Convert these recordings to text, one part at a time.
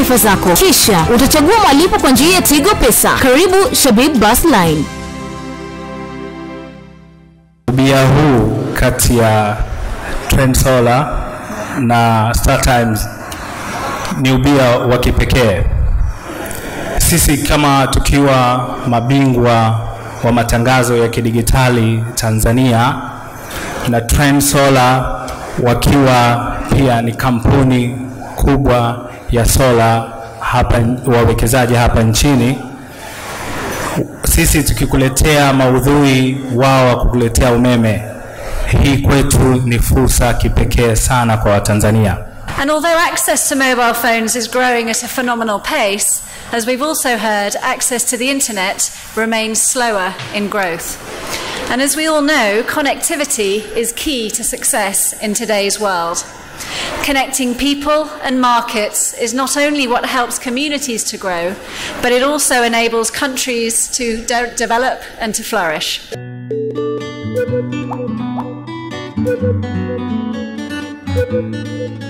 taarifa zako, kisha utachagua malipo kwa njia ya Tigo Pesa. Karibu Shabib Bus Line. Ubia huu kati ya Trend Solar na Star Times ni ubia wa kipekee. Sisi kama tukiwa mabingwa wa matangazo ya kidigitali Tanzania na Trend Solar wakiwa pia ni kampuni kubwa ya sola hapa wawekezaji hapa nchini. Sisi tukikuletea maudhui, wao umeme. Hii kwetu ni fursa kipekee sana kwa Watanzania. And although access to mobile phones is growing at a phenomenal pace, as we've also heard, access to the internet remains slower in growth. And as we all know, connectivity is key to success in today's world. Connecting people and markets is not only what helps communities to grow, but it also enables countries to de develop and to flourish. Thank you.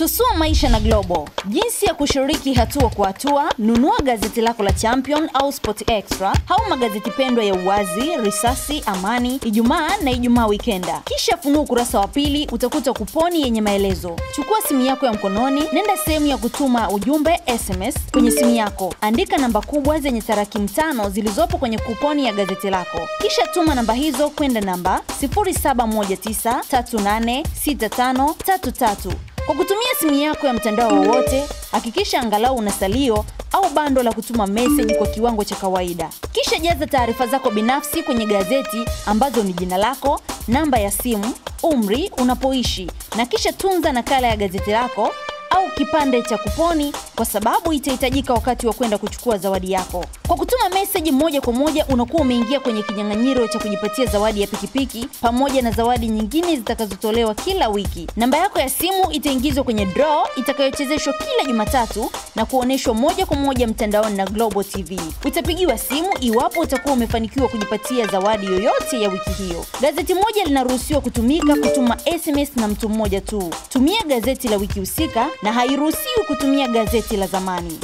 Tusua maisha na Globo. jinsi ya kushiriki hatua kwa hatua. Nunua gazeti lako la Champion au Sport Extra au magazeti pendwa ya Uwazi, Risasi, Amani, Ijumaa na Ijumaa Wikenda, kisha funua ukurasa wa pili, utakuta kuponi yenye maelezo. Chukua simu yako ya mkononi, nenda sehemu ya kutuma ujumbe SMS kwenye simu yako, andika namba kubwa zenye tarakimu tano zilizopo kwenye kuponi ya gazeti lako, kisha tuma namba hizo kwenda namba 0719386533 kwa kutumia simu yako ya mtandao wowote, hakikisha angalau una salio au bando la kutuma message kwa kiwango cha kawaida. Kisha jaza taarifa zako binafsi kwenye gazeti ambazo ni jina lako, namba ya simu, umri, unapoishi na kisha tunza nakala ya gazeti lako au kipande cha kuponi kwa sababu itahitajika wakati wa kwenda kuchukua zawadi yako. Kwa kutuma meseji moja kwa moja, unakuwa umeingia kwenye kinyang'anyiro cha kujipatia zawadi ya pikipiki pamoja na zawadi nyingine zitakazotolewa kila wiki. Namba yako ya simu itaingizwa kwenye draw itakayochezeshwa kila Jumatatu na kuonyeshwa moja kwa moja mtandaoni na Global TV. Utapigiwa simu iwapo utakuwa umefanikiwa kujipatia zawadi yoyote ya wiki hiyo. Gazeti moja linaruhusiwa kutumika kutuma SMS na mtu mmoja tu. Tumia gazeti la wiki husika na na hairuhusiwi kutumia gazeti la zamani.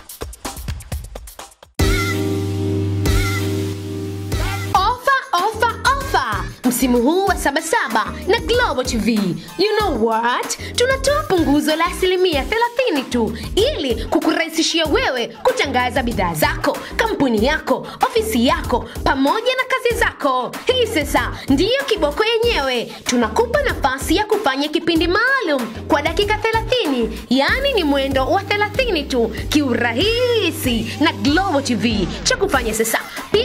msimu huu wa Sabasaba na Global TV. You know what? Tunatoa punguzo la asilimia 30 tu ili kukurahisishia wewe kutangaza bidhaa zako, kampuni yako, ofisi yako pamoja na kazi zako. Hii sasa ndiyo kiboko yenyewe. Tunakupa nafasi ya kufanya kipindi maalum kwa dakika 30, yaani ni mwendo wa 30 tu kiurahisi na Global TV. Cha kufanya sasa